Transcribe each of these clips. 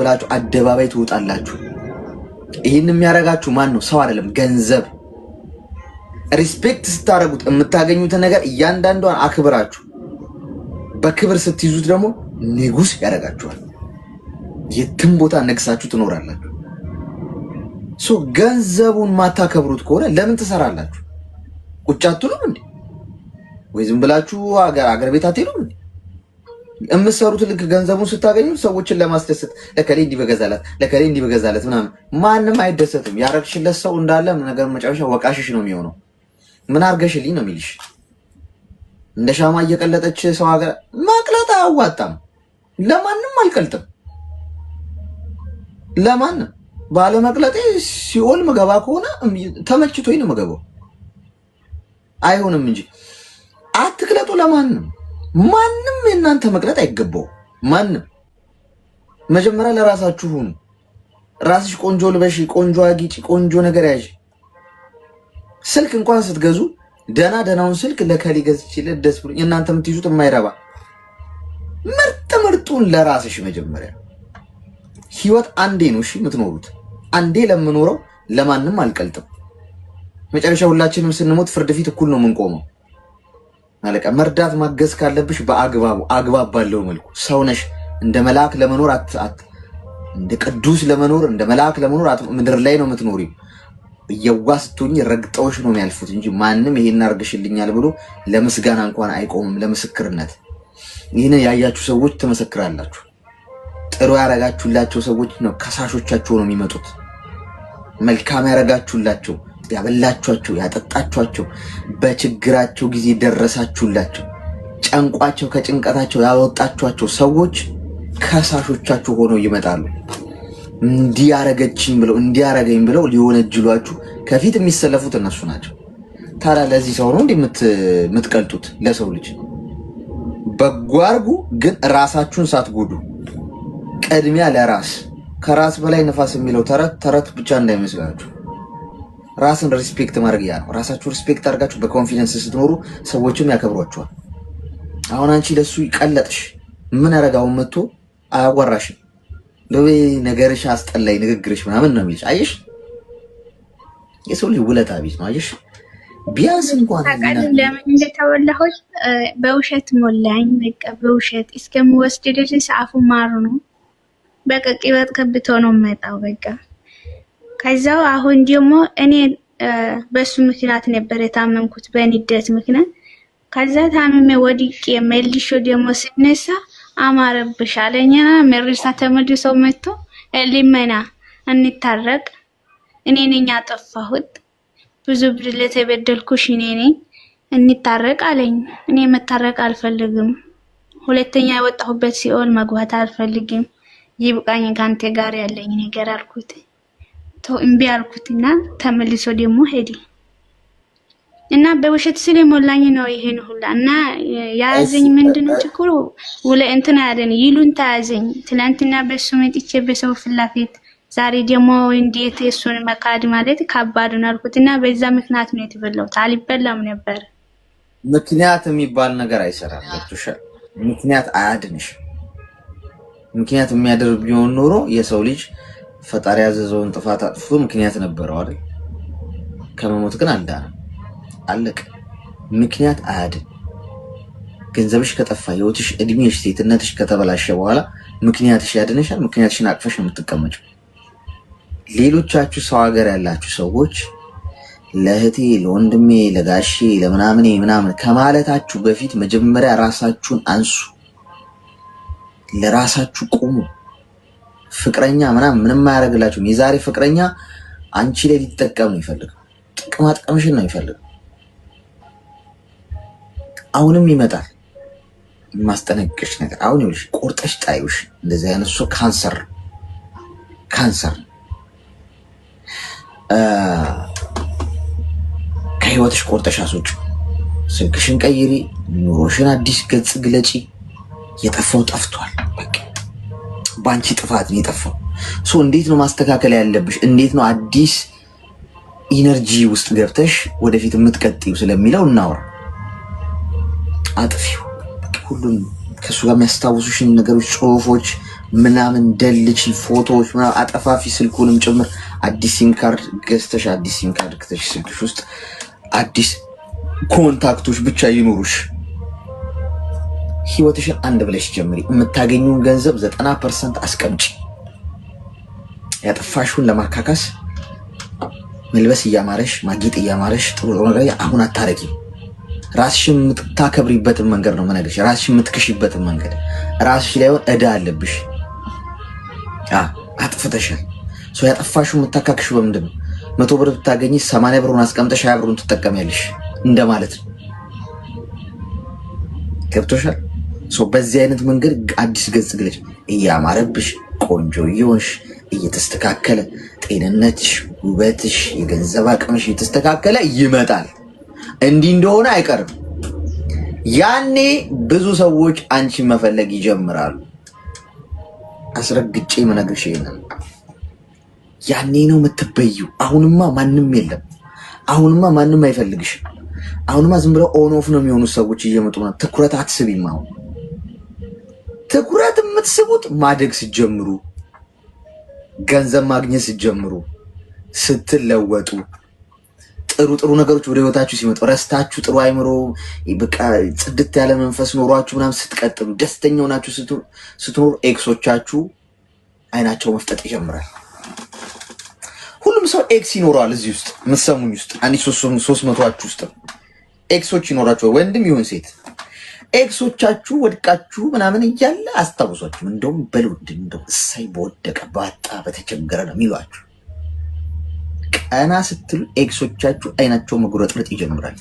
ብላችሁ አደባባይ ትወጣላችሁ። ይህን የሚያደርጋችሁ ማን ነው? ሰው አይደለም፣ ገንዘብ። ሪስፔክት ስታደርጉት የምታገኙትን ነገር እያንዳንዷን አክብራችሁ በክብር ስትይዙት ደግሞ ንጉስ ያደርጋችኋል። የትም ቦታ ነግሳችሁ ትኖራላችሁ። ሶ ገንዘቡን ማታከብሩት ከሆነ ለምን ትሰራላችሁ? ቁጭ አትሉም እንዴ? ወይ ዝም ብላችሁ አገር ቤት አትሄዱም እንዴ? የምትሰሩት ልክ ገንዘቡን ስታገኙ ሰዎችን ለማስደሰት ለከሌ እንዲህ በገዛላት ለከሌ እንዲህ በገዛላት ምናምን ማንም አይደሰትም። ያረግሽለት ሰው እንዳለ ነገር መጨረሻ ወቃሽሽ ነው የሚሆነው። ምን አርገሽልኝ ነው የሚልሽ። እንደ ሻማ እየቀለጠች ሰው ሀገር ማቅለጥ አያዋጣም። ለማንም አልቀልጥም። ለማንም ባለመቅለጤ ሲኦል ምገባ ከሆነ ተመችቶኝ ነው ምገባው። አይሆንም እንጂ አትክለጡ ለማንም ማንም የእናንተ መቅረት አይገባው። ማንም መጀመሪያ ለራሳችሁ ሁኑ። ራስሽ ቆንጆ ልበሽ፣ ቆንጆ አጊጭ ቆንጆ ነገር ያዥ። ስልክ እንኳን ስትገዙ ደና ደናውን ስልክ ለከሊ ገዝቼለት ደስ ብሎኝ እናንተ የምትይዙት የማይረባ ምርጥ ምርጡን ለራስሽ መጀመሪያ። ህይወት አንዴ ነው እሺ የምትኖሩት። አንዴ ለምኖረው ለማንም አልቀልጥም። መጨረሻ ሁላችንም ስንሞት ፍርድ ፊት እኩል ነው የምንቆመው። አለቃ መርዳት ማገዝ ካለብሽ በአግባቡ አግባብ ባለው መልኩ ሰው ነሽ። እንደ መልአክ ለመኖር እንደ ቅዱስ ለመኖር እንደ መልአክ ለመኖር ምድር ላይ ነው የምትኖሪ። እየዋ ስትሆኝ ረግጠዎች ነው የሚያልፉት እንጂ ማንም ይሄን አርግሽልኛል ብሎ ለምስጋና እንኳን አይቆምም። ለምስክርነት ይህንን ያያችሁ ሰዎች ትመሰክራላችሁ። ጥሩ ያረጋችሁላቸው ሰዎች ነው ከሳሾቻቸው ነው የሚመጡት። መልካም ያረጋችሁላቸው ያበላችኋቸው፣ ያጠጣችኋቸው፣ በችግራቸው ጊዜ ደረሳችሁላቸው፣ ጨንቋቸው ከጭንቀታቸው ያወጣችኋቸው ሰዎች ከሳሾቻችሁ ሆነው ይመጣሉ። እንዲያረገችኝ ብለው እንዲያረገኝ ብለው ሊወነጅሏችሁ ከፊት የሚሰለፉት እነሱ ናቸው። ታዲያ ለዚህ ሰው ነው እንዲህ የምትቀልጡት? ለሰው ልጅ በጎ አርጉ ግን ራሳችሁን ሳትጎዱ ቅድሚያ ለራስ ከራስ በላይ ነፋስ የሚለው ተረት ተረት ብቻ እንዳይመስላችሁ። ራስን ሪስፔክት ማድረግ ያ ነው። ራሳችሁ ሪስፔክት አድርጋችሁ በኮንፊደንስ ስትኖሩ ሰዎችም ያከብሯችኋል። አሁን አንቺ ለሱ ይቀለጥሽ ምን አረጋውን መጥቶ አያዋራሽም። ለቤ ነገርሽ አስጠላይ፣ ንግግርሽ ምናምን ነው የሚልሽ። አየሽ፣ የሰው ልጅ ውለታ ቢስ ነው። አየሽ፣ ቢያንስ እንኳን ለምን እንደተወላሁት በውሸት ሞላኝ። በቃ በውሸት እስከምወስድ ድረስ አፉ ማሩ ነው። በቃ ቅበት ከብቶ ነው መጣው በቃ ከዛው አሁን ደግሞ እኔ በሱ ምክንያት ነበር የታመምኩት በንደት ምክንያት። ከዛ ታምሜ ወድቄ መልሾ ደግሞ ስነሳ አማረብሽ አለኝና መርሳ ተመልሶ መጥቶ ልመና እንታረቅ፣ እኔ ነኝ አጠፋሁት፣ ብዙ ብር ለተበደልኩሽ እኔ ነኝ እንታረቅ አለኝ። እኔ መታረቅ አልፈልግም፣ ሁለተኛ የወጣሁበት ሲኦል መግባት አልፈልግም፣ ይብቃኝ፣ ካንተ ጋር ያለኝ ነገር አልኩት። ተው እምቢ አልኩትና ተመልሶ ደግሞ ሄደ እና በውሸት ስለ ሞላኝ ነው ይሄን ሁላ እና ያዘኝ። ምንድነው ችግሩ? ወለ እንትን ያደን ይሉን ያዘኝ። ትላንትና በሱ መጥቼ በሰው ፍላፊት ዛሬ ደግሞ እንዴት እሱን መካድ ማለት ከባድ ነው አልኩትና በዛ ምክንያት ነው የተበላሁት። አልበላም ነበር። ምክንያት የሚባል ነገር አይሰራም። ምክንያት አያድንሽ። ምክንያት የሚያደርግ ቢሆን ኖሮ የሰው ልጅ ፈጣሪ ያዘዘውን ጥፋት አጥፎ ምክንያት ነበረው አይደል? ከመሞት ግን አልዳነም። አለቀ። ምክንያት አያድን። ገንዘብሽ ከጠፋ ህይወትሽ፣ እድሜሽ፣ ሴትነትሽ ከተበላሸ በኋላ ምክንያትሽ ያድንሻል? ምክንያትሽን አቅፈሽ ነው የምትቀመጭው። ሌሎቻችሁ ሰው ሀገር ያላችሁ ሰዎች ለእህቴ፣ ለወንድሜ፣ ለጋሼ፣ ለምናምኔ ምናምን ከማለታችሁ በፊት መጀመሪያ ራሳችሁን አንሱ። ለራሳችሁ ቁሙ። ፍቅረኛ ምናምን ምንም አያደርግላችሁም። የዛሬ ፍቅረኛ አንቺ ላይ ሊጠቀም ነው ይፈልገው፣ ጥቅማ ጥቅምሽን ነው ይፈልግ። አሁንም ይመጣል ማስጠነቅቅሽ ነገር። አሁን ይኸውልሽ፣ ቆርጠሽ ጣዩሽ። እንደዚህ አይነት እሱ ካንሰር ካንሰር ከህይወትሽ ቆርጠሽ አስወጪ። ስልክሽን ቀይሪ፣ ኑሮሽን አዲስ ገጽ ግለጪ። የጠፋው ጠፍቷል። በአንቺ ጥፋት ነው የጠፋው። ሶ እንዴት ነው ማስተካከል ያለብሽ? እንዴት ነው አዲስ ኢነርጂ ውስጥ ገብተሽ ወደፊት የምትቀጥይው ስለሚለው እናውራ። አጥፊው ሁሉም ከእሱ ጋር የሚያስታውሱሽን ነገሮች፣ ጽሁፎች ምናምን ደልች፣ ፎቶዎች ምናምን አጠፋፊ፣ ስልኩንም ጭምር አዲስ ሲም ካርድ ገዝተሽ አዲስ ሲም ካርድ ክተሽ ስልክሽ ውስጥ አዲስ ኮንታክቶች ብቻ ይኑሩሽ። ህይወትሽን አንድ ብለሽ ጀምሪ። የምታገኙን ገንዘብ ዘጠና ፐርሰንት አስቀምጪ። ያጠፋሽውን ለማካካስ መልበስ እያማረሽ ማጌጥ እያማረሽ ጥሩ አሁን አታረቂ። ራስሽን የምታከብሪበትን መንገድ ነው መነገርሽ። ራስሽን የምትክሽበትን መንገድ ራስሽ ላይ ሆን እዳ አለብሽ። አጥፍተሻል። ያጠፋሽውን የምታካክሽ በምንድን ነው? መቶ ብር ብታገኝ ሰማንያ ብሩን አስቀምጠሽ ሀያ ብሩን ትጠቀሚያለሽ እንደማለት ነው። ገብቶሻል? በዚህ አይነት መንገድ አዲስ ገጽ ግለጭ እያማረብሽ ቆንጆ እየሆንሽ እየተስተካከለ ጤንነትሽ፣ ውበትሽ፣ የገንዘብ አቅምሽ እየተስተካከለ ይመጣል። እንዲህ እንደሆነ አይቀርም። ያኔ ብዙ ሰዎች አንቺን መፈለግ ይጀምራሉ። አስረግጬ መነግርሽ ይላል። ያኔ ነው የምትበዩ። አሁንማ ማንም የለም። አሁንማ ማንም አይፈልግሽ። አሁንማ ዝም ብለው ኦን ኦፍ ነው የሚሆኑ ሰዎች እየመጡ ነው። ትኩረት አትስቢም አሁን ትኩረት የምትስቡት ማደግ ስትጀምሩ፣ ገንዘብ ማግኘት ስትጀምሩ፣ ስትለወጡ፣ ጥሩ ጥሩ ነገሮች ወደ ህይወታችሁ ሲመጡ ረስታችሁ ጥሩ አይምሮ በቃ ጽድት ያለ መንፈስ ኖሯችሁ ምናምን ስትቀጥሉ፣ ደስተኛው ሆናችሁ ስትኖሩ፣ ኤክሶቻችሁ አይናቸው መፍጠጥ ይጀምራል። ሁሉም ሰው ኤክስ ይኖረዋል። እዚህ ውስጥ ምሰሙኝ ውስጥ አንድ ሶስት መቶች ውስጥ ኤክሶች ይኖራቸዋል፣ ወንድም ይሁን ሴት ኤክሶቻችሁ ወድቃችሁ ምናምን እያለ አስታውሷችሁ እንደውም በልውድ እንደው እሳይ በወደቀ ባጣ በተቸገረ ነው የሚሏችሁ። ቀና ስትሉ ኤክሶቻችሁ አይናቸው መጉረጥረጥ ይጀምራል።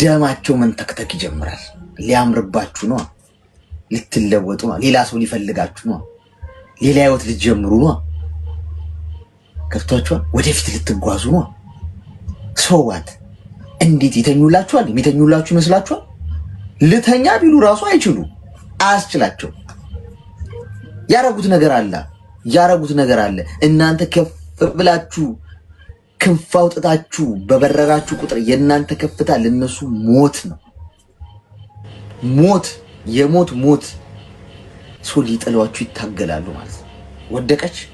ደማቸው መንተክተክ ይጀምራል። ሊያምርባችሁ ነው፣ ልትለወጡ ነው፣ ሌላ ሰው ሊፈልጋችሁ ነው፣ ሌላ ህይወት ልትጀምሩ ነው። ከብቷችኋል። ወደፊት ልትጓዙ ነው። ሰዋት እንዴት ይተኙላችኋል? የሚተኙላችሁ ይመስላችኋል? ልተኛ ቢሉ ራሱ አይችሉ አያስችላቸው። ያረጉት ነገር አለ፣ ያረጉት ነገር አለ። እናንተ ከፍ ብላችሁ ክንፍ አውጥታችሁ በበረራችሁ ቁጥር የእናንተ ከፍታ ለነሱ ሞት ነው። ሞት የሞት ሞት። ሰው ሊጠሏችሁ ይታገላሉ ማለት ነው። ወደቀች